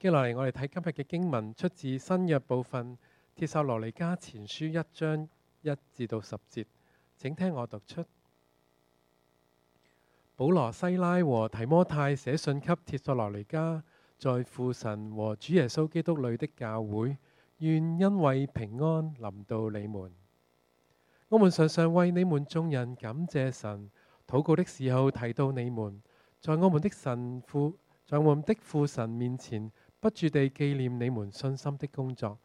接落嚟，我哋睇今日嘅經文，出自新約部分《帖撒羅尼迦前書》一章一至到十節，請聽我讀出：保羅、西拉和提摩太寫信給帖撒羅尼迦，在父神和主耶穌基督裏的教會，願因為平安臨到你們。我們常常為你們眾人感謝神，禱告的時候提到你們，在我們的神父，在我們的父神面前。不住地紀念你們信心的工作，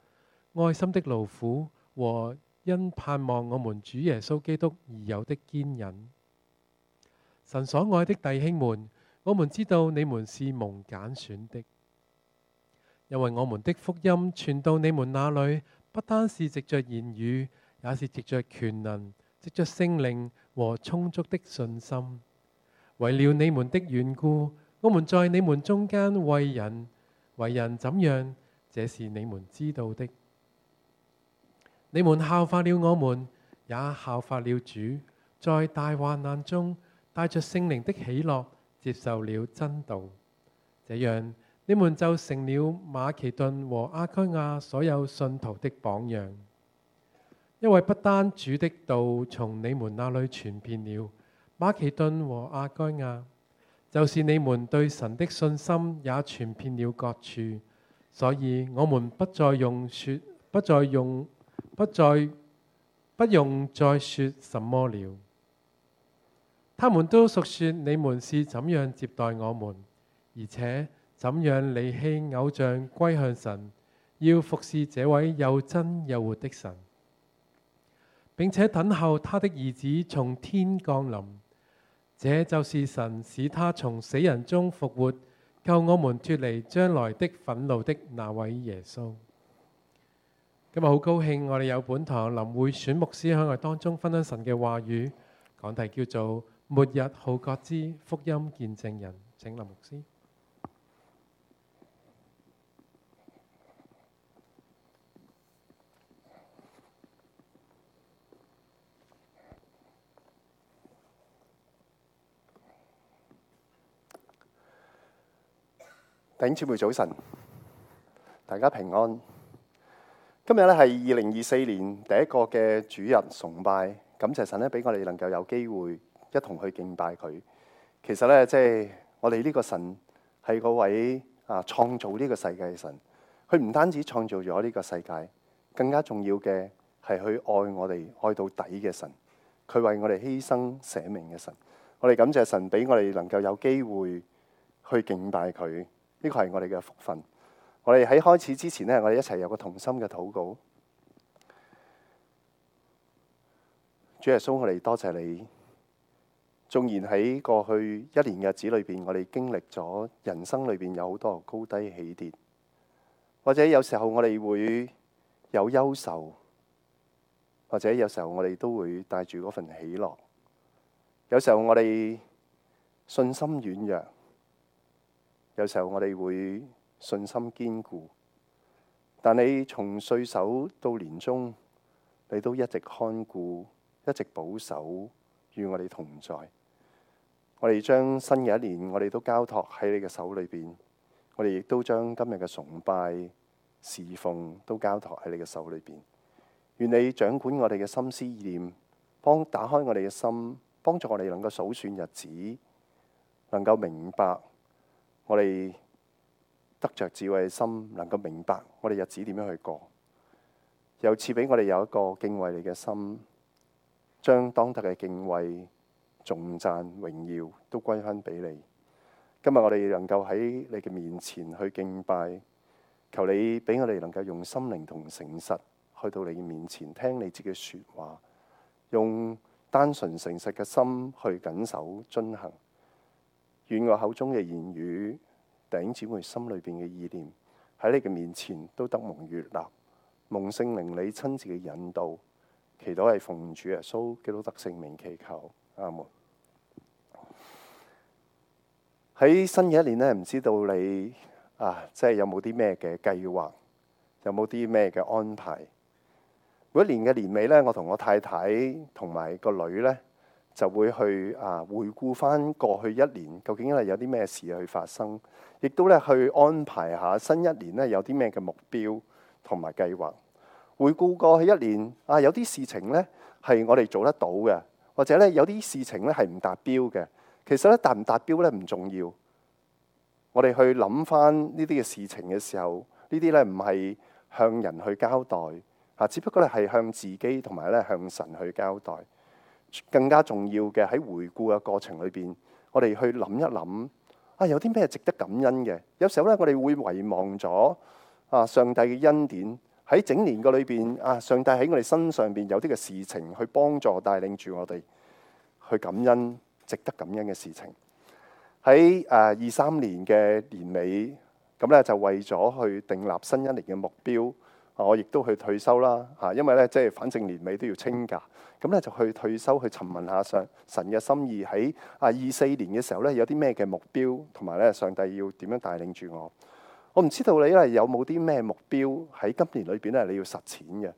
愛心的勞苦和因盼望我們主耶穌基督而有的堅忍。神所愛的弟兄們，我們知道你們是蒙揀選的，因為我們的福音傳到你們那裏，不單是藉著言語，也是藉著權能、藉著聖靈和充足的信心。為了你們的緣故，我們在你們中間為人。為人怎樣，這是你們知道的。你們效法了我們，也效法了主，在大患難中帶着聖靈的喜樂，接受了真道。這樣，你們就成了馬其頓和亞該亞所有信徒的榜樣，因為不單主的道從你們那裡傳遍了馬其頓和亞該亞。就是你們對神的信心也傳遍了各處，所以我們不再用說，不再用，不再不用再說什麼了。他們都述說你們是怎樣接待我們，而且怎樣離棄偶像歸向神，要服事這位又真又活的神，並且等候他的兒子從天降臨。這就是神使他從死人中復活，救我們脫離將來的憤怒的那位耶穌。今日好高興，我哋有本堂林會選牧師喺我當中分享神嘅話語，講題叫做《末日號角之福音見證人》，請林牧師。弟兄姊妹早晨，大家平安。今日咧係二零二四年第一個嘅主日崇拜，感謝神咧俾我哋能夠有機會一同去敬拜佢。其實咧即係我哋呢個神係嗰位啊創造呢個世界嘅神，佢唔單止創造咗呢個世界，更加重要嘅係佢愛我哋愛到底嘅神，佢為我哋犧牲捨命嘅神。我哋感謝神俾我哋能夠有機會去敬拜佢。呢個係我哋嘅福分。我哋喺開始之前呢，我哋一齊有個同心嘅禱告。主耶穌，我哋多謝你。縱然喺過去一年嘅日子裏邊，我哋經歷咗人生裏邊有好多高低起跌，或者有時候我哋會有憂愁，或者有時候我哋都會帶住嗰份喜樂。有時候我哋信心軟弱。有時候我哋會信心堅固，但你從歲首到年終，你都一直看顧，一直保守，與我哋同在。我哋將新嘅一年，我哋都交託喺你嘅手裏邊；我哋亦都將今日嘅崇拜、侍奉都交託喺你嘅手裏邊。願你掌管我哋嘅心思意念，幫打開我哋嘅心，幫助我哋能夠數算日子，能夠明白。我哋得着智慧嘅心，能夠明白我哋日子點樣去過；又賜俾我哋有一個敬畏你嘅心，將當得嘅敬畏、重讚、榮耀都歸翻俾你。今日我哋能夠喺你嘅面前去敬拜，求你俾我哋能夠用心靈同誠實去到你嘅面前，聽你自己説話，用單純誠實嘅心去謹守遵行。願我口中嘅言語，弟兄姊妹心裏邊嘅意念，喺你嘅面前都得蒙悅納，蒙聖靈你親自嘅引導，祈禱係奉主耶穌基督得聖名祈求阿門。喺新嘅一年咧，唔知道你啊，即係有冇啲咩嘅計劃，有冇啲咩嘅安排？每一年嘅年尾咧，我同我太太同埋個女咧。就會去啊，回顧翻過去一年，究竟係有啲咩事去發生，亦都咧去安排下新一年咧有啲咩嘅目標同埋計劃。回顧過去一年，啊有啲事情咧係我哋做得到嘅，或者咧有啲事情咧係唔達標嘅。其實咧達唔達標咧唔重要。我哋去諗翻呢啲嘅事情嘅時候，呢啲咧唔係向人去交代啊，只不過咧係向自己同埋咧向神去交代。更加重要嘅，喺回顧嘅過程裏邊，我哋去諗一諗啊，有啲咩值得感恩嘅？有時候咧，我哋會遺忘咗啊上帝嘅恩典喺整年個裏邊啊，上帝喺、啊、我哋身上邊有啲嘅事情去幫助帶領住我哋，去感恩，值得感恩嘅事情喺誒、啊、二三年嘅年尾，咁咧就為咗去訂立新一年嘅目標，我亦都去退休啦嚇、啊，因為咧即係反正年尾都要清假。咁咧就去退修，去尋問下上神嘅心意喺啊二四年嘅時候咧，有啲咩嘅目標，同埋咧上帝要點樣帶領住我？我唔知道你咧有冇啲咩目標喺今年裏面，咧你要實踐嘅？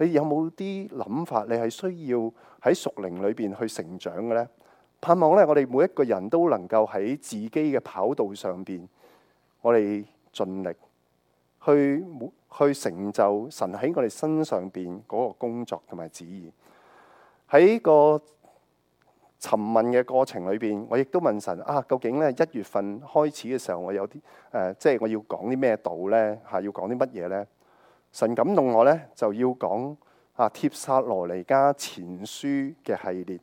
你有冇啲諗法？你係需要喺熟齡裏面去成長嘅咧？盼望咧，我哋每一個人都能夠喺自己嘅跑道上面，我哋盡力去去成就神喺我哋身上面嗰個工作同埋旨意。喺個尋問嘅過程裏邊，我亦都問神啊，究竟咧一月份開始嘅時候，我有啲誒、呃，即係我要講啲咩道咧？嚇、啊，要講啲乜嘢咧？神感動我咧，就要講啊，帖撒羅尼加前書嘅系列。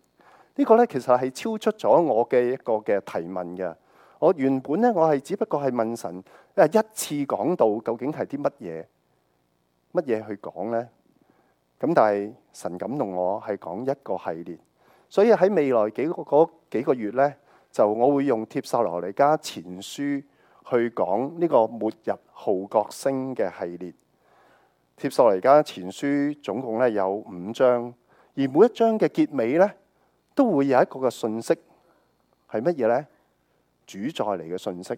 這個、呢個咧其實係超出咗我嘅一個嘅提問嘅。我原本咧，我係只不過係問神誒一次講道，究竟係啲乜嘢，乜嘢去講咧？咁但係神感動我係講一個系列，所以喺未來幾個嗰幾個月呢，就我會用帖撒羅尼迦前書去講呢個末日號角聲嘅系列。帖撒羅尼迦前書總共咧有五章，而每一章嘅結尾呢都會有一個嘅信息，係乜嘢呢？主再嚟嘅信息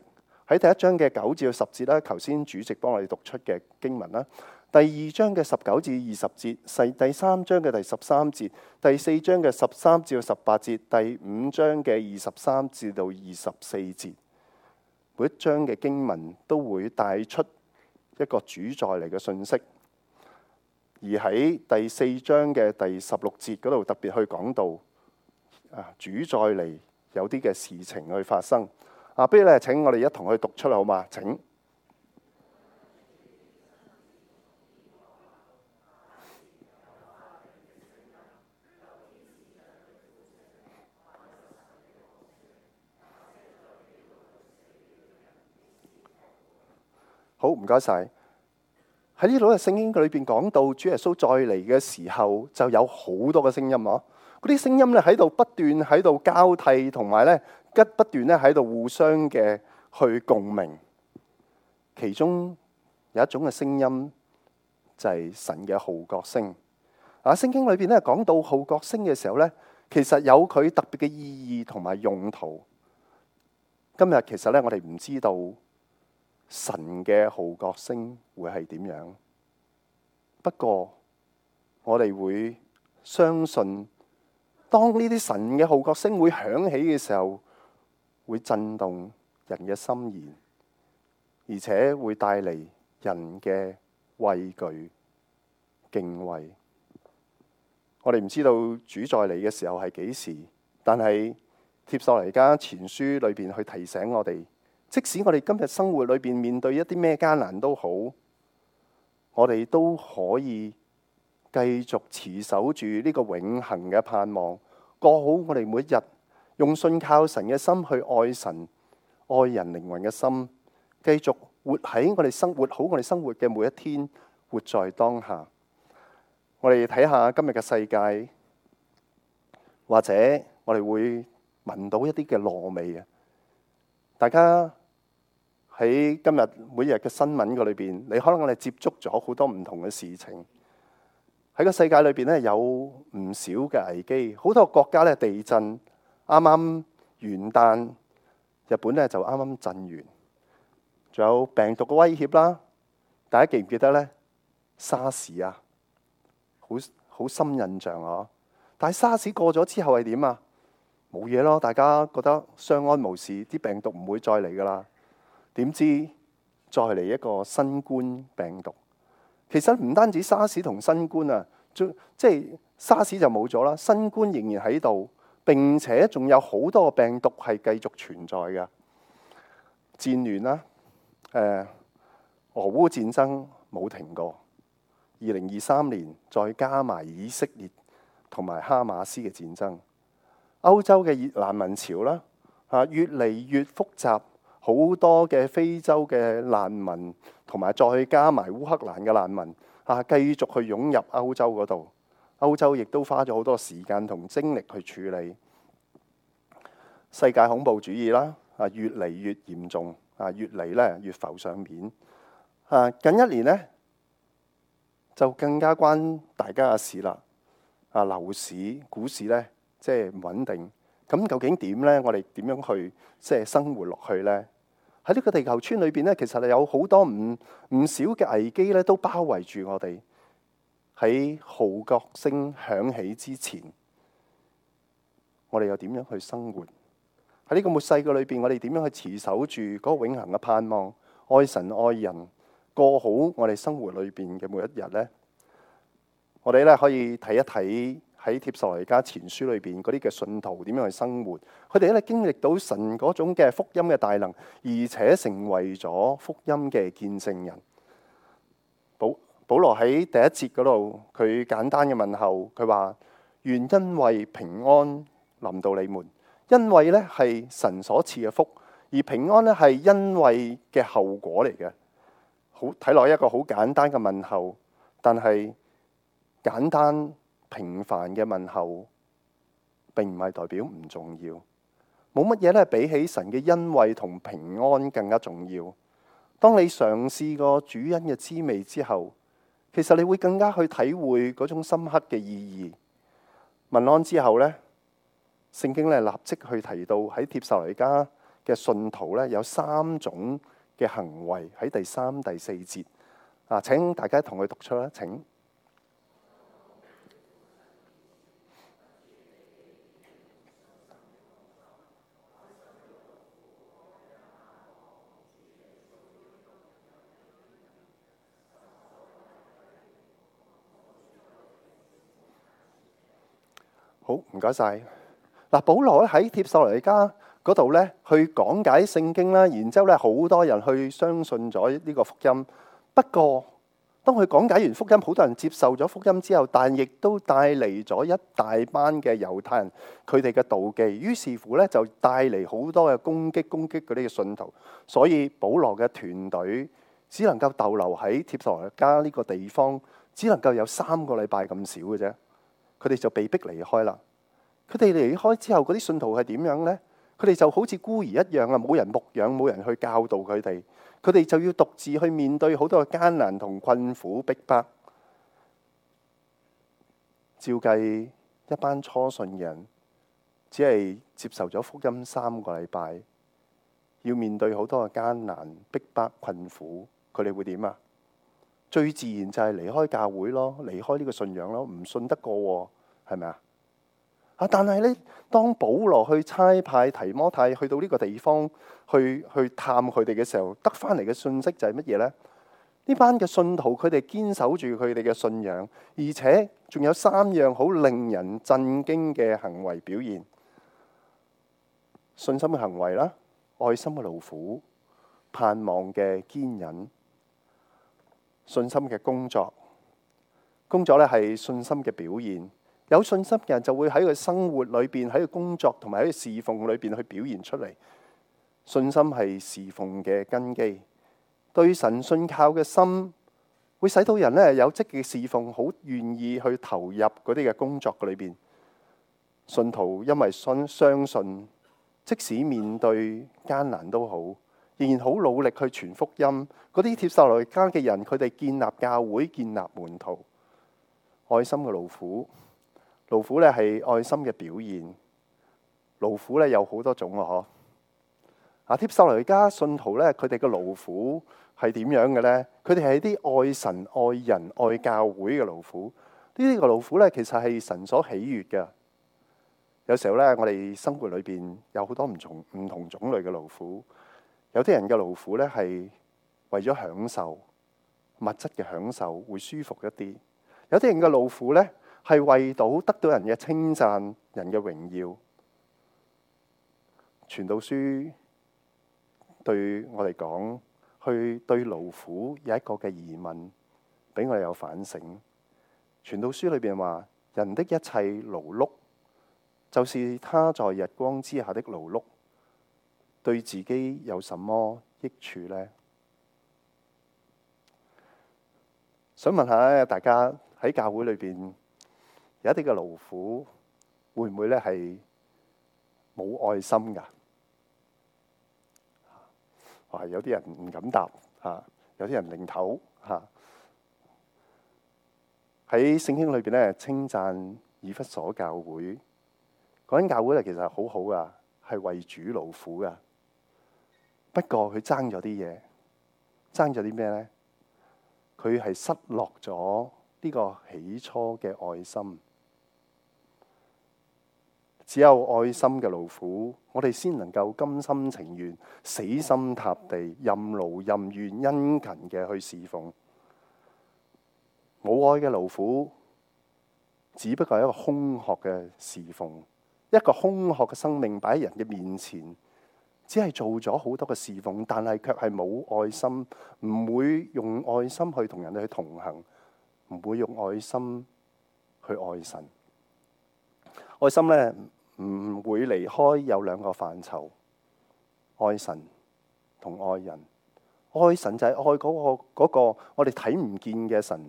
喺第一章嘅九至十節啦，頭先主席幫我哋讀出嘅經文啦。第二章嘅十九至二十節，係第三章嘅第十三節，第四章嘅十三至到十八節，第五章嘅二十三至到二十四節，每一章嘅經文都會帶出一個主再嚟嘅信息。而喺第四章嘅第十六節嗰度特別去講到啊，主再嚟有啲嘅事情去發生。啊，不如咧，請我哋一同去讀出嚟好嘛？請。好，唔該晒。喺呢度嘅聖經裏邊講到，主耶穌再嚟嘅時候，就有好多嘅聲音啊！嗰啲聲音咧喺度不斷喺度交替，同埋咧吉不斷咧喺度互相嘅去共鳴。其中有一種嘅聲音就係神嘅號角聲。啊，聖經裏邊咧講到號角聲嘅時候咧，其實有佢特別嘅意義同埋用途。今日其實咧，我哋唔知道。神嘅號角聲會係點樣？不過我哋會相信，當呢啲神嘅號角聲會響起嘅時候，會震動人嘅心弦，而且會帶嚟人嘅畏懼、敬畏。我哋唔知道主再嚟嘅時候係幾時，但係帖撒羅尼迦前書裏邊去提醒我哋。即使我哋今日生活裏邊面，面對一啲咩艱難都好，我哋都可以繼續持守住呢個永恆嘅盼望，過好我哋每一日，用信靠神嘅心去愛神、愛人、靈魂嘅心，繼續活喺我哋生活，活好我哋生活嘅每一天，活在當下。我哋睇下今日嘅世界，或者我哋會聞到一啲嘅惡味嘅，大家。喺今日每日嘅新聞嘅裏邊，你可能我哋接觸咗好多唔同嘅事情。喺個世界裏邊咧，有唔少嘅危機，好多國家咧地震。啱啱元旦，日本咧就啱啱震完，仲有病毒嘅威脅啦。大家記唔記得咧？沙士啊，好好深印象啊！但係沙士過咗之後係點啊？冇嘢咯，大家覺得相安無事，啲病毒唔會再嚟噶啦。點知再嚟一個新冠病毒？其實唔單止沙士同新冠啊，即係沙士就冇咗啦，新冠仍然喺度，並且仲有好多個病毒係繼續存在嘅。戰亂啦，誒、呃，俄烏戰爭冇停過。二零二三年再加埋以色列同埋哈馬斯嘅戰爭，歐洲嘅難民潮啦，啊，越嚟越複雜。好多嘅非洲嘅難民，同埋再加埋烏克蘭嘅難民，啊，繼續去湧入歐洲嗰度。歐洲亦都花咗好多時間同精力去處理世界恐怖主義啦，啊，越嚟越嚴重，啊，越嚟咧越浮上面。啊，近一年咧就更加關大家嘅事啦。啊，樓市、股市咧即係唔穩定，咁究竟點咧？我哋點樣去即係生活落去咧？喺呢個地球村裏邊咧，其實有好多唔唔少嘅危機咧，都包圍住我哋。喺號角聲響起之前，我哋又點樣去生活？喺呢個末世嘅裏邊，我哋點樣去持守住嗰個永恆嘅盼望？愛神愛人，過好我哋生活裏邊嘅每一日呢？我哋咧可以睇一睇。喺帖撒羅尼迦前書裏邊嗰啲嘅信徒點樣去生活？佢哋咧經歷到神嗰種嘅福音嘅大能，而且成為咗福音嘅見證人。保保羅喺第一節嗰度，佢簡單嘅問候，佢話：願恩惠平安臨到你們，恩惠咧係神所賜嘅福，而平安咧係恩惠嘅後果嚟嘅。好睇落一個好簡單嘅問候，但係簡單。平凡嘅問候，並唔係代表唔重要。冇乜嘢咧，比起神嘅恩惠同平安更加重要。當你嘗試過主恩嘅滋味之後，其實你會更加去體會嗰種深刻嘅意義。問安之後咧，聖經咧立即去提到喺帖撒尼加嘅信徒咧有三種嘅行為，喺第三、第四節啊，請大家同佢讀出啦，請。好，唔該曬。嗱，保羅咧喺帖撒羅尼加嗰度咧，去講解聖經啦，然之後咧，好多人去相信咗呢個福音。不過，當佢講解完福音，好多人接受咗福音之後，但係亦都帶嚟咗一大班嘅猶太人，佢哋嘅妒忌，於是乎咧就帶嚟好多嘅攻擊，攻擊嗰啲嘅信徒。所以保羅嘅團隊只能夠逗留喺帖撒羅尼加呢個地方，只能夠有三個禮拜咁少嘅啫。佢哋就被逼離開啦。佢哋離開之後，嗰啲信徒係點樣呢？佢哋就好似孤兒一樣啊，冇人牧養，冇人去教導佢哋，佢哋就要獨自去面對好多嘅艱難同困苦逼迫。照計，一班初信人只係接受咗福音三個禮拜，要面對好多嘅艱難逼迫困苦，佢哋會點啊？最自然就係離開教會咯，離開呢個信仰咯，唔信得過，係咪啊？啊！但係咧，當保羅去差派提摩太去到呢個地方去去探佢哋嘅時候，得翻嚟嘅信息就係乜嘢咧？呢班嘅信徒佢哋堅守住佢哋嘅信仰，而且仲有三樣好令人震驚嘅行為表現：信心嘅行為啦，愛心嘅勞苦，盼望嘅堅忍。信心嘅工作，工作咧係信心嘅表現，有信心嘅人就會喺佢生活裏邊，喺佢工作同埋喺佢侍奉裏邊去表現出嚟。信心係侍奉嘅根基，對神信靠嘅心，會使到人咧有積極侍奉，好願意去投入嗰啲嘅工作裏邊。信徒因為信相信，即使面對艱難都好。仍然好努力去傳福音。嗰啲帖撒羅加嘅人，佢哋建立教會、建立門徒，愛心嘅勞苦，勞苦咧係愛心嘅表現。勞苦咧有好多種咯，嗬啊！帖撒羅加信徒咧，佢哋嘅勞苦係點樣嘅咧？佢哋係一啲愛神、愛人、愛教會嘅勞苦。呢啲嘅勞苦咧，其實係神所喜悦嘅。有時候咧，我哋生活裏邊有好多唔同唔同種類嘅勞苦。有啲人嘅勞苦咧，係為咗享受物質嘅享受，會舒服一啲；有啲人嘅勞苦咧，係為到得到人嘅稱讚、人嘅榮耀。傳道書對我哋講，去對勞苦有一個嘅疑問，俾我哋有反省。傳道書裏面話：人的一切勞碌，就是他在日光之下的勞碌。對自己有什麼益處咧？想問下咧，大家喺教會裏邊有一啲嘅勞苦，會唔會咧係冇愛心噶？話有啲人唔敢答嚇，有啲人擰頭嚇。喺聖經裏邊咧稱讚以弗所教會，嗰間教會咧其實係好好噶，係為主勞苦噶。不過佢爭咗啲嘢，爭咗啲咩呢？佢係失落咗呢個起初嘅愛心，只有愛心嘅勞苦，我哋先能夠甘心情願、死心塌地、任勞任怨、殷勤嘅去侍奉。冇愛嘅勞苦，只不過係一個空殼嘅侍奉，一個空殼嘅生命擺喺人嘅面前。只係做咗好多嘅侍奉，但係卻係冇愛心，唔會用愛心去同人哋去同行，唔會用愛心去愛神。愛心咧，唔會離開有兩個範疇：愛神同愛人。愛神就係愛嗰個嗰個我哋睇唔見嘅神；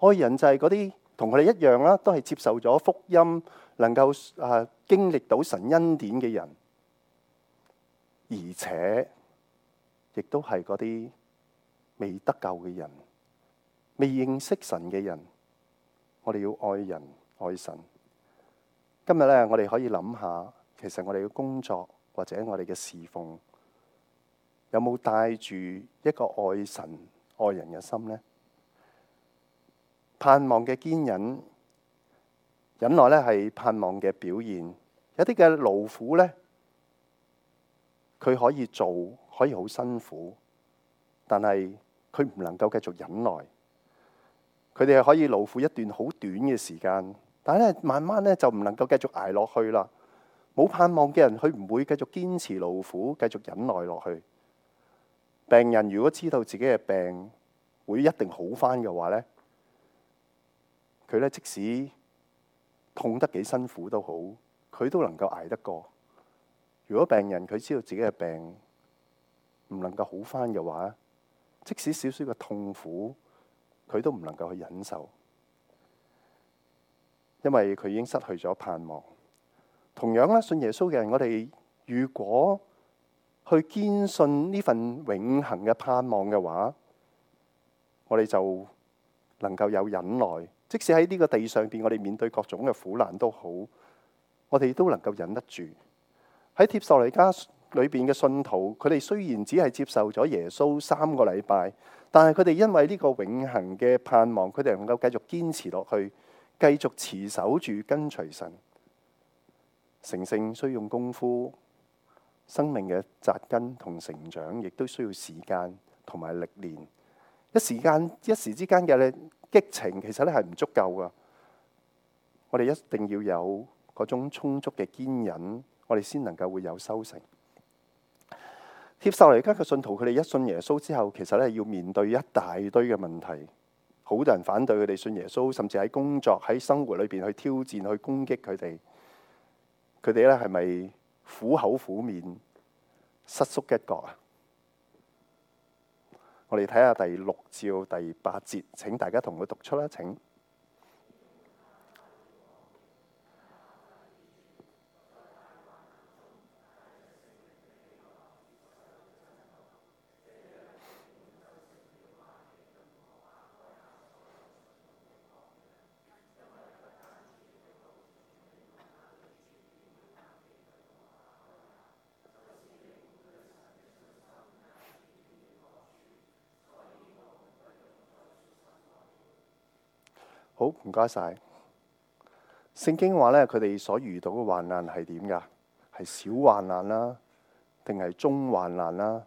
愛人就係嗰啲同佢哋一樣啦，都係接受咗福音，能夠啊經歷到神恩典嘅人。而且，亦都係嗰啲未得救嘅人，未認識神嘅人，我哋要愛人愛神。今日咧，我哋可以諗下，其實我哋嘅工作，或者我哋嘅侍奉，有冇帶住一個愛神愛人嘅心呢？盼望嘅堅忍，忍耐咧係盼望嘅表現，有啲嘅勞苦咧。佢可以做，可以好辛苦，但係佢唔能夠繼續忍耐。佢哋係可以勞苦一段好短嘅時間，但係咧慢慢咧就唔能夠繼續捱落去啦。冇盼望嘅人，佢唔會繼續堅持勞苦、繼續忍耐落去。病人如果知道自己嘅病會一定好翻嘅話咧，佢咧即使痛得幾辛苦都好，佢都能夠捱得過。如果病人佢知道自己嘅病唔能夠好翻嘅話，即使少少嘅痛苦，佢都唔能夠去忍受，因為佢已經失去咗盼望。同樣啦，信耶穌嘅人，我哋如果去堅信呢份永恆嘅盼望嘅話，我哋就能夠有忍耐，即使喺呢個地上邊，我哋面對各種嘅苦難都好，我哋亦都能夠忍得住。喺帖撒羅尼迦裏邊嘅信徒，佢哋雖然只係接受咗耶穌三個禮拜，但係佢哋因為呢個永恆嘅盼望，佢哋能夠繼續堅持落去，繼續持守住跟隨神。成聖需要用功夫，生命嘅扎根同成長亦都需要時間同埋歷練。一時間一時之間嘅咧激情，其實咧係唔足夠噶。我哋一定要有嗰種充足嘅堅忍。我哋先能夠會有收成。接受嚟家嘅信徒，佢哋一信耶穌之後，其實咧要面對一大堆嘅問題，好多人反對佢哋信耶穌，甚至喺工作、喺生活裏邊去挑戰、去攻擊佢哋，佢哋咧係咪苦口苦面、失縮一角啊？我哋睇下第六至第八節，請大家同佢讀出啦，請。唔該晒。聖經話咧，佢哋所遇到嘅患難係點噶？係小患難啦、啊，定係中患難啦、啊，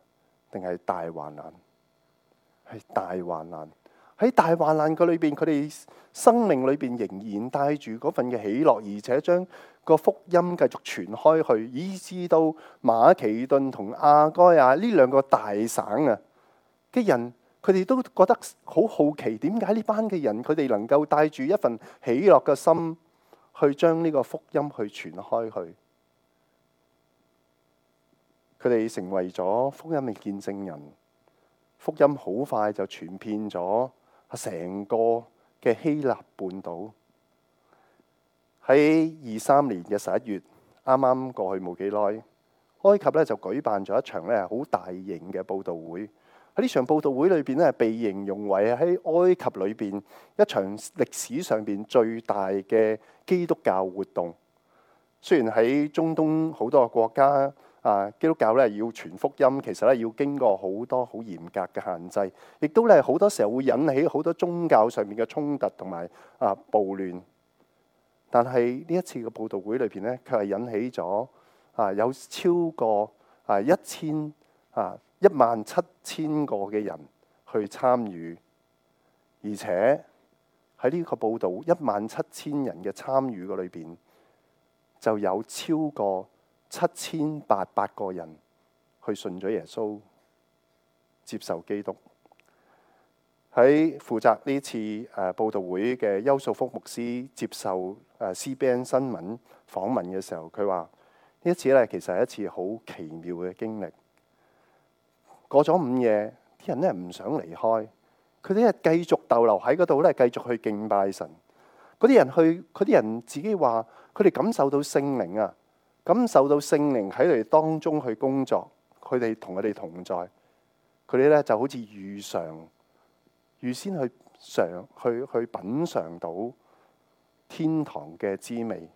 定係大患難？係大患難。喺大患難裏邊，佢哋生命裏邊仍然帶住嗰份嘅喜樂，而且將個福音繼續傳開去，以至到馬其頓同亞該亞呢兩個大省啊嘅人。佢哋都覺得好好奇，點解呢班嘅人佢哋能夠帶住一份喜樂嘅心去將呢個福音去傳開去？佢哋成為咗福音嘅見證人，福音好快就傳遍咗成個嘅希臘半島。喺二三年嘅十一月，啱啱過去冇幾耐，埃及咧就舉辦咗一場咧好大型嘅佈道會。喺呢場佈道會裏邊咧，係被形容為喺埃及裏邊一場歷史上邊最大嘅基督教活動。雖然喺中東好多個國家啊，基督教咧要傳福音，其實咧要經過好多好嚴格嘅限制，亦都咧好多時候會引起好多宗教上面嘅衝突同埋啊暴亂。但係呢一次嘅佈道會裏邊咧，佢係引起咗啊有超過啊一千啊。一萬七千個嘅人去參與，而且喺呢個報道一萬七千人嘅參與裏邊，就有超過七千八百個人去信咗耶穌，接受基督。喺負責呢次誒報道會嘅優素福牧師接受誒 CBN 新聞訪問嘅時候，佢話呢一次咧其實係一次好奇妙嘅經歷。過咗午夜，啲人咧唔想離開，佢哋繼續逗留喺嗰度咧，繼續去敬拜神。嗰啲人去，嗰啲人自己話，佢哋感受到聖靈啊，感受到聖靈喺佢哋當中去工作，佢哋同佢哋同在，佢哋咧就好似預嘗，預先去嘗，去去品嘗到天堂嘅滋味。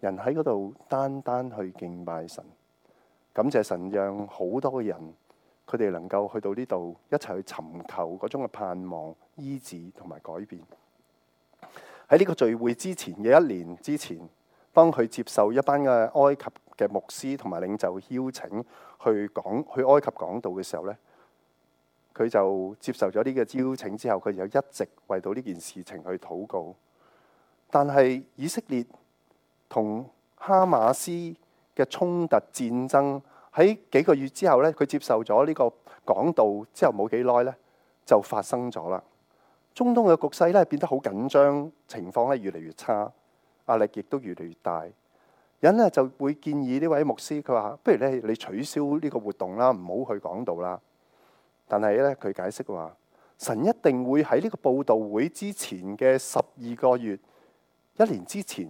人喺嗰度單單去敬拜神，感謝神讓好多人。佢哋能夠去到呢度，一齊去尋求嗰種嘅盼望、醫治同埋改變。喺呢個聚會之前嘅一年之前，當佢接受一班嘅埃及嘅牧師同埋領袖邀請去講去埃及講道嘅時候咧，佢就接受咗呢個邀請之後，佢就一直為到呢件事情去禱告。但係以色列同哈馬斯嘅衝突戰爭。喺幾個月之後咧，佢接受咗呢個講道之後冇幾耐咧，就發生咗啦。中東嘅局勢咧變得好緊張，情況咧越嚟越差，壓力亦都越嚟越大。人咧就會建議呢位牧師，佢話：不如咧你取消呢個活動啦，唔好去講道啦。但係咧，佢解釋話：神一定會喺呢個佈道會之前嘅十二個月、一年之前，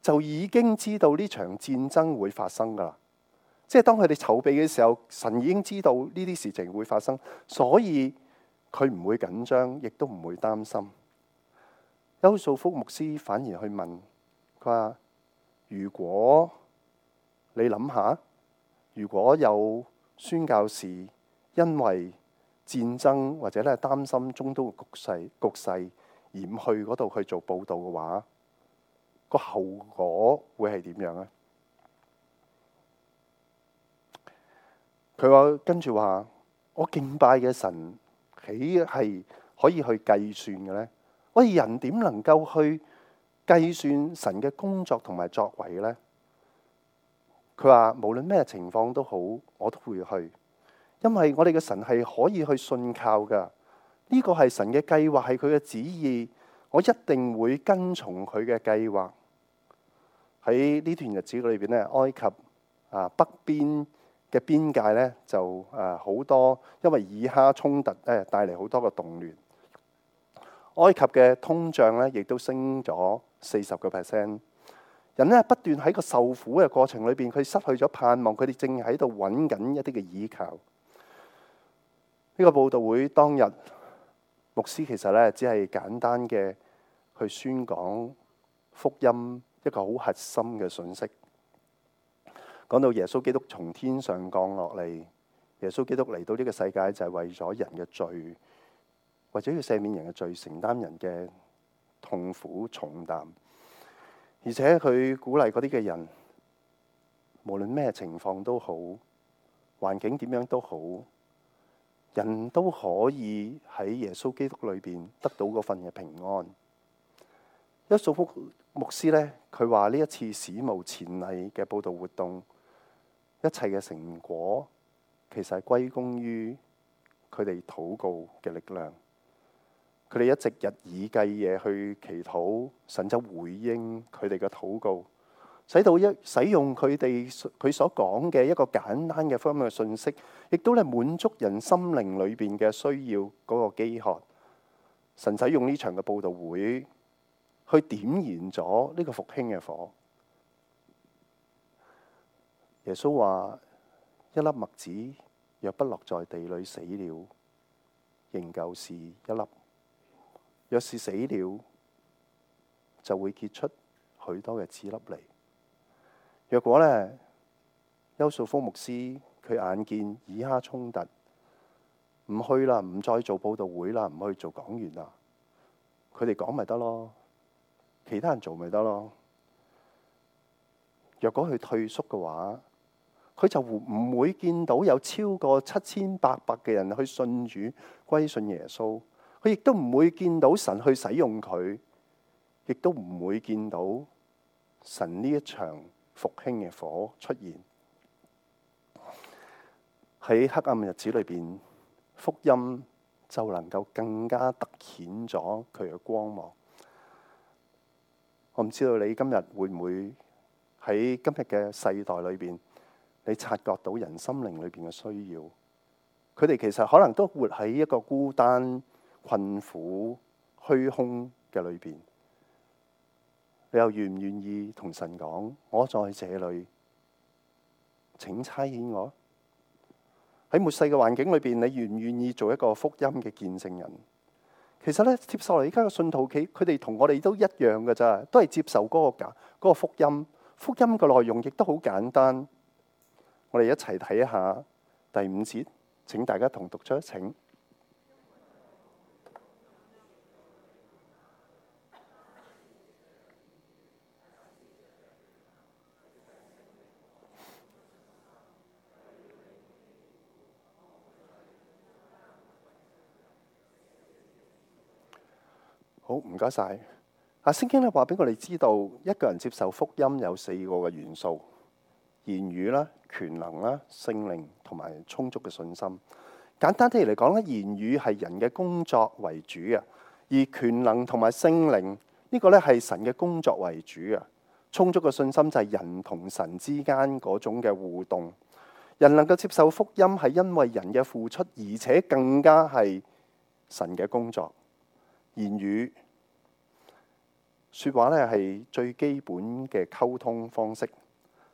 就已經知道呢場戰爭會發生㗎啦。即係當佢哋籌備嘅時候，神已經知道呢啲事情會發生，所以佢唔會緊張，亦都唔會擔心。邱素福牧師反而去問佢話：如果你諗下，如果有宣教士因為戰爭或者咧擔心中東局勢局勢，而唔去嗰度去做報導嘅話，個後果會係點樣咧？佢話跟住話，我敬拜嘅神豈係可以去計算嘅咧？我人點能夠去計算神嘅工作同埋作為咧？佢話無論咩情況都好，我都會去，因為我哋嘅神係可以去信靠噶。呢個係神嘅計劃，係佢嘅旨意，我一定會跟從佢嘅計劃。喺呢段日子裏邊咧，埃及啊北邊嘅邊界咧就誒好、呃、多，因為以哈衝突咧帶嚟好多個動亂。埃及嘅通脹咧亦都升咗四十個 percent。人咧不斷喺個受苦嘅過程裏邊，佢失去咗盼望，佢哋正喺度揾緊一啲嘅倚靠。呢、呢個報道會當日，牧師其實咧只係簡單嘅去宣講福音一個好核心嘅訊息。講到耶穌基督從天上降落嚟，耶穌基督嚟到呢個世界就係為咗人嘅罪，或者要赦免人嘅罪，承擔人嘅痛苦重擔。而且佢鼓勵嗰啲嘅人，無論咩情況都好，環境點樣都好，人都可以喺耶穌基督裏面得到嗰份嘅平安一數。一眾福牧師呢，佢話呢一次史無前例嘅佈道活動。一切嘅成果，其實係歸功於佢哋禱告嘅力量。佢哋一直日以繼夜去祈禱，神就回應佢哋嘅禱告，使到一使用佢哋佢所講嘅一個簡單嘅方面嘅信息，亦都係滿足人心靈裏邊嘅需要嗰個飢渴。神使用呢場嘅佈道會去點燃咗呢個復興嘅火。耶穌話：一粒麥子若不落在地裏死了，仍舊是一粒；若是死了，就會結出許多嘅子粒嚟。若果呢，優素福牧師佢眼見以哈衝突，唔去啦，唔再做報道會啦，唔去做講員啦，佢哋講咪得咯，其他人做咪得咯。若果佢退縮嘅話，佢就唔會見到有超過七千八百嘅人去信主、歸信耶穌。佢亦都唔會見到神去使用佢，亦都唔會見到神呢一場復興嘅火出現。喺黑暗日子裏邊，福音就能夠更加突顯咗佢嘅光芒。我唔知道你今日會唔會喺今日嘅世代裏邊。你察覺到人心靈裏邊嘅需要，佢哋其實可能都活喺一個孤單、困苦、虛空嘅裏邊。你又願唔願意同神講：我在這裏，請差遣我喺末世嘅環境裏邊。你願唔願意做一個福音嘅見證人？其實咧，接受嚟而家嘅信徒，佢佢哋同我哋都一樣㗎，咋都係接受嗰個嗰個福音。福音嘅內容亦都好簡單。我哋一齊睇下第五節，請大家同讀出一請，請好，唔該晒。阿、啊、聖經咧話俾我哋知道，一個人接受福音有四個嘅元素。言語啦、權能啦、聖靈同埋充足嘅信心。簡單啲嚟講咧，言語係人嘅工作為主嘅，而權能同埋聖靈呢個咧係神嘅工作為主嘅。充足嘅信心就係人同神之間嗰種嘅互動。人能夠接受福音係因為人嘅付出，而且更加係神嘅工作。言語、説話咧係最基本嘅溝通方式。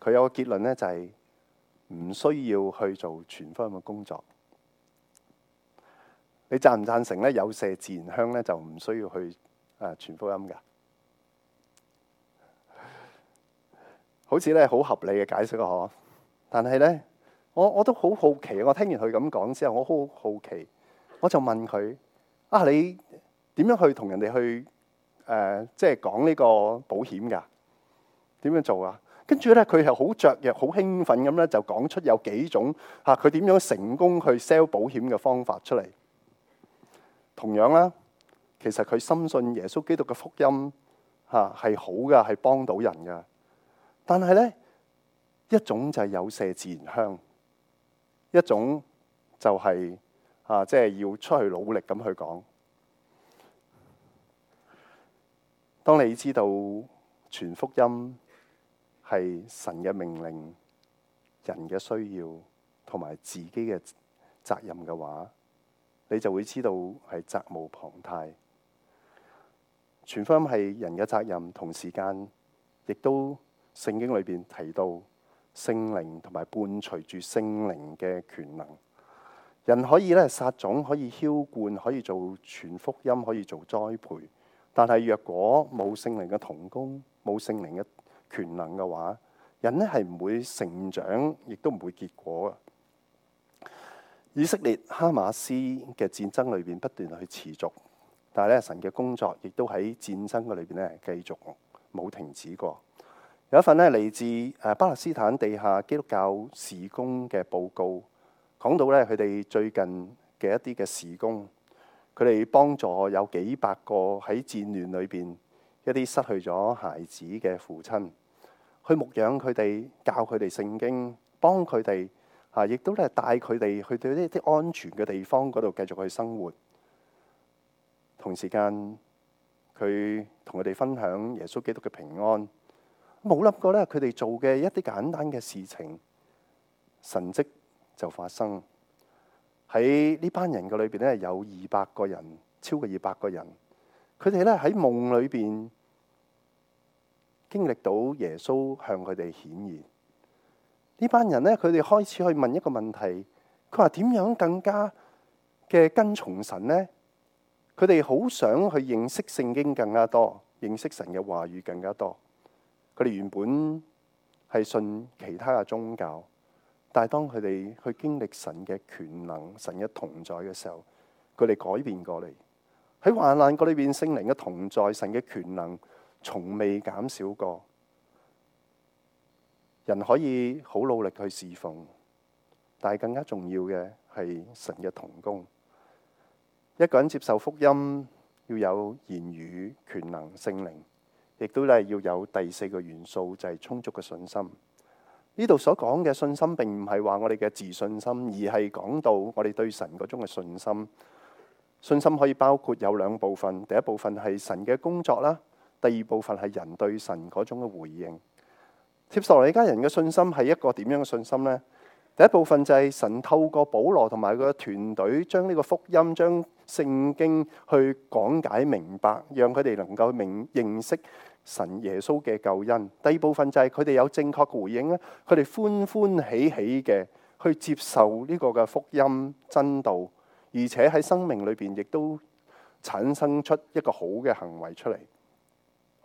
佢有一個結論咧，就係、是、唔需要去做傳福音嘅工作。你贊唔贊成咧？有麝自然香咧，就唔需要去誒傳福音噶。好似咧好合理嘅解釋啊！嗬。但係咧，我我都好好奇，我聽完佢咁講之後，我好好奇，我就問佢：啊，你點樣去同人哋去誒，即、呃、係、就是、講呢個保險㗎？點樣做啊？跟住咧，佢係好雀躍，好興奮咁咧，就講出有幾種嚇佢點樣成功去 sell 保險嘅方法出嚟。同樣啦，其實佢深信耶穌基督嘅福音嚇係好嘅，係幫到人嘅。但係咧，一種就係有麝自然香，一種就係嚇即係要出去努力咁去講。當你知道全福音。係神嘅命令，人嘅需要同埋自己嘅責任嘅話，你就會知道係責無旁貸。傳福音係人嘅責任，同時間亦都聖經裏邊提到聖靈同埋伴隨住聖靈嘅權能。人可以咧撒種，可以澆灌，可以做傳福音，可以做栽培。但係若果冇聖靈嘅同工，冇聖靈嘅。權能嘅話，人咧係唔會成長，亦都唔會結果嘅。以色列哈馬斯嘅戰爭裏邊不斷去持續，但係咧神嘅工作亦都喺戰爭嘅裏邊咧繼續冇停止過。有一份咧嚟自誒巴勒斯坦地下基督教事工嘅報告，講到咧佢哋最近嘅一啲嘅事工，佢哋幫助有幾百個喺戰亂裏邊一啲失去咗孩子嘅父親。去牧養佢哋，教佢哋聖經，幫佢哋嚇，亦都咧帶佢哋去到一啲安全嘅地方嗰度繼續去生活。同時間，佢同佢哋分享耶穌基督嘅平安。冇諗過咧，佢哋做嘅一啲簡單嘅事情，神蹟就發生喺呢班人嘅裏邊咧，有二百個人，超過二百個人，佢哋咧喺夢裏邊。經歷到耶穌向佢哋顯現，呢班人咧，佢哋開始去問一個問題。佢話點樣更加嘅跟從神咧？佢哋好想去認識聖經更加多，認識神嘅話語更加多。佢哋原本係信其他嘅宗教，但係當佢哋去經歷神嘅權能、神嘅同在嘅時候，佢哋改變過嚟。喺患難個裏邊，聖靈嘅同在、神嘅權能。從未減少過。人可以好努力去侍奉，但係更加重要嘅係神嘅同工。一個人接受福音，要有言語、權能、聖靈，亦都係要有第四個元素，就係充足嘅信心。呢度所講嘅信心並唔係話我哋嘅自信心，而係講到我哋對神嗰種嘅信心。信心可以包括有兩部分，第一部分係神嘅工作啦。第二部分係人對神嗰種嘅回應。帖撒羅尼迦人嘅信心係一個點樣嘅信心咧？第一部分就係神透過保羅同埋佢個團隊，將呢個福音，將聖經去講解明白，讓佢哋能夠明認識神耶穌嘅救恩。第二部分就係佢哋有正確嘅回應咧，佢哋歡歡喜喜嘅去接受呢個嘅福音真道，而且喺生命裏邊亦都產生出一個好嘅行為出嚟。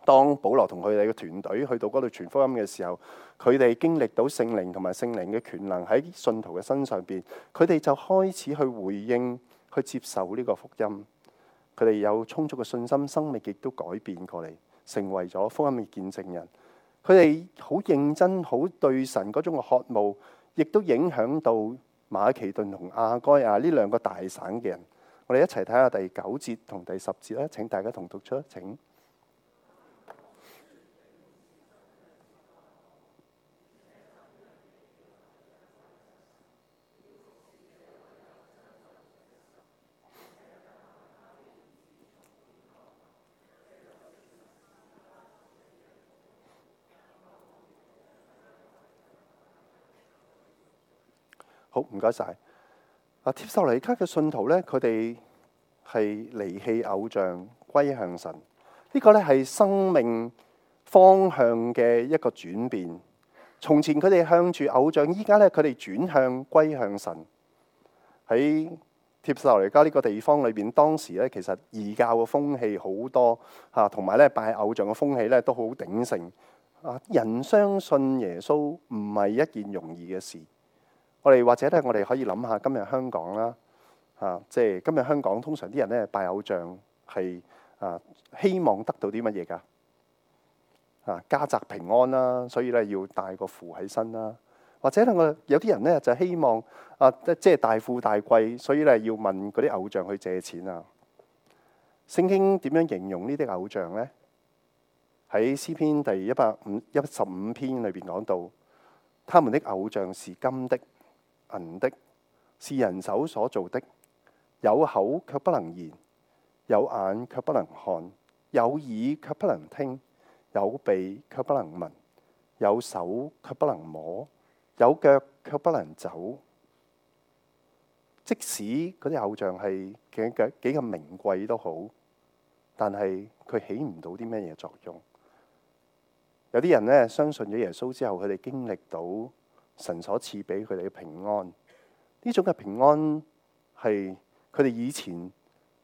當保羅同佢哋嘅團隊去到嗰度傳福音嘅時候，佢哋經歷到聖靈同埋聖靈嘅權能喺信徒嘅身上邊，佢哋就開始去回應、去接受呢個福音。佢哋有充足嘅信心，生命亦都改變過嚟，成為咗福音嘅見證人。佢哋好認真、好對神嗰種嘅渴慕，亦都影響到馬其頓同亞該亞呢兩個大省嘅人。我哋一齊睇下第九節同第十節啦，請大家同讀出，請。好唔該晒。啊，帖撒尼加嘅信徒咧，佢哋係離棄偶像歸向神。呢個咧係生命方向嘅一個轉變。從前佢哋向住偶像，依家咧佢哋轉向歸向神。喺帖撒尼加呢個地方裏邊，當時咧其實異教嘅風氣好多吓，同埋咧拜偶像嘅風氣咧都好鼎盛。啊，人相信耶穌唔係一件容易嘅事。我哋或者咧，我哋可以諗下今日香港啦，啊，即係今日香港通常啲人咧拜偶像係啊，希望得到啲乜嘢噶啊，家宅平安啦，所以咧要帶個符喺身啦、啊，或者咧我有啲人咧就希望啊，即即係大富大貴，所以咧要問嗰啲偶像去借錢啊。聖經點樣形容呢啲偶像咧？喺詩篇第一百五一十五篇裏邊講到，他們的偶像是金的，銀的，是人手所做的，有口卻不能言，有眼卻不能看，有耳卻不能聽，有鼻卻不能聞，有手卻不能摸，有腳卻不能走。即使嗰啲偶像係幾幾幾咁名貴都好，但係佢起唔到啲咩嘢。作用。有啲人呢，相信咗耶穌之後，佢哋經歷到。神所賜俾佢哋嘅平安，呢種嘅平安係佢哋以前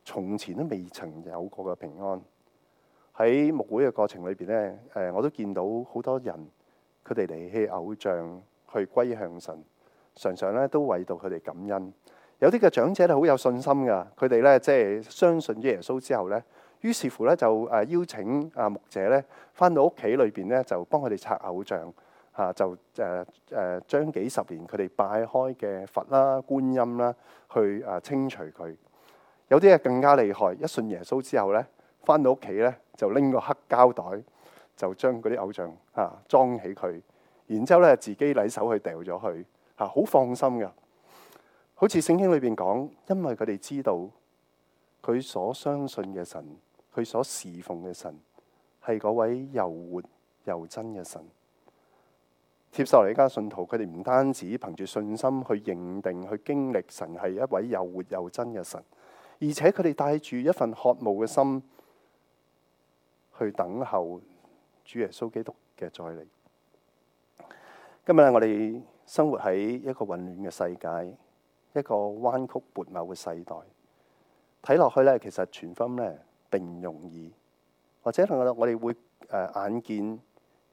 從前都未曾有過嘅平安。喺牧會嘅過程裏邊咧，誒我都見到好多人佢哋離棄偶像去歸向神，常常咧都為到佢哋感恩。有啲嘅長者咧好有信心噶，佢哋咧即係相信耶穌之後咧，於是乎咧就誒邀請啊牧者咧返到屋企裏邊咧就幫佢哋拆偶像。嚇就誒誒將幾十年佢哋拜開嘅佛啦、觀音啦，去啊清除佢。有啲係更加厲害。一信耶穌之後咧，返到屋企咧就拎個黑膠袋，就將嗰啲偶像嚇裝、啊、起佢，然之後咧自己攬手去掉咗佢嚇，好放心㗎。好似聖經裏邊講，因為佢哋知道佢所相信嘅神，佢所侍奉嘅神係嗰位又活又真嘅神。接受嚟呢家信徒，佢哋唔單止憑住信心去認定、去經歷神係一位又活又真嘅神，而且佢哋帶住一份渴慕嘅心去等候主耶穌基督嘅再嚟。今日咧，我哋生活喺一個混亂嘅世界，一個彎曲悖謬嘅世代，睇落去咧，其實傳福音咧並唔容易，或者可能我哋會誒眼見。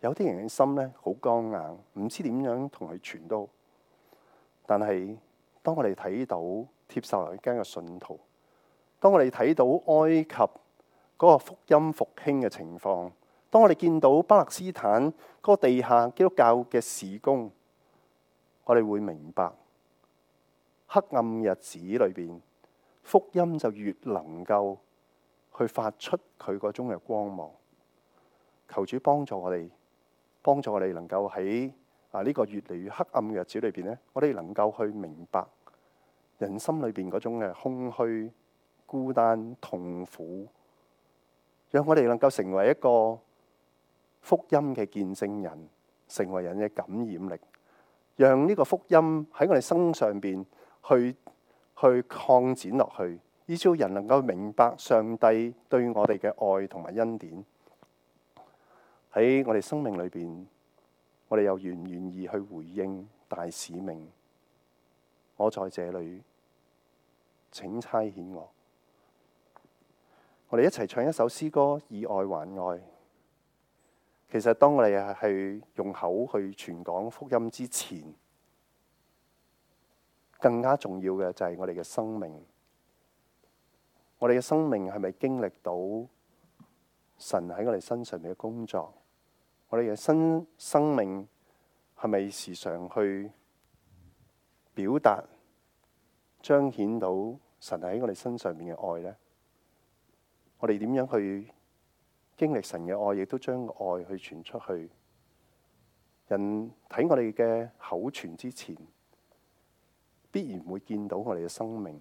有啲人嘅心咧好剛硬，唔知點樣同佢傳到。但係當我哋睇到帖撒羅尼迦嘅信徒，當我哋睇到，到埃及嗰個福音復興嘅情況，當我哋見到巴勒斯坦嗰個地下基督教嘅事工，我哋會明白黑暗日子裏邊福音就越能夠去發出佢嗰種嘅光芒。求主幫助我哋。幫助我哋能夠喺啊呢個越嚟越黑暗嘅日子裏邊咧，我哋能夠去明白人心裏邊嗰種嘅空虛、孤單、痛苦，讓我哋能夠成為一個福音嘅見證人，成為人嘅感染力，讓呢個福音喺我哋身上邊去去擴展落去，以至人能夠明白上帝對我哋嘅愛同埋恩典。喺我哋生命裏邊，我哋又願唔願意去回應大使命？我在這裏，請差遣我。我哋一齊唱一首詩歌，以愛還愛。其實當我哋係用口去傳講福音之前，更加重要嘅就係我哋嘅生命。我哋嘅生命係咪經歷到神喺我哋身上面嘅工作？我哋嘅新生命係咪時常去表達、彰顯到神喺我哋身上面嘅愛咧？我哋點樣去經歷神嘅愛，亦都將個愛去傳出去？人喺我哋嘅口傳之前，必然會見到我哋嘅生命。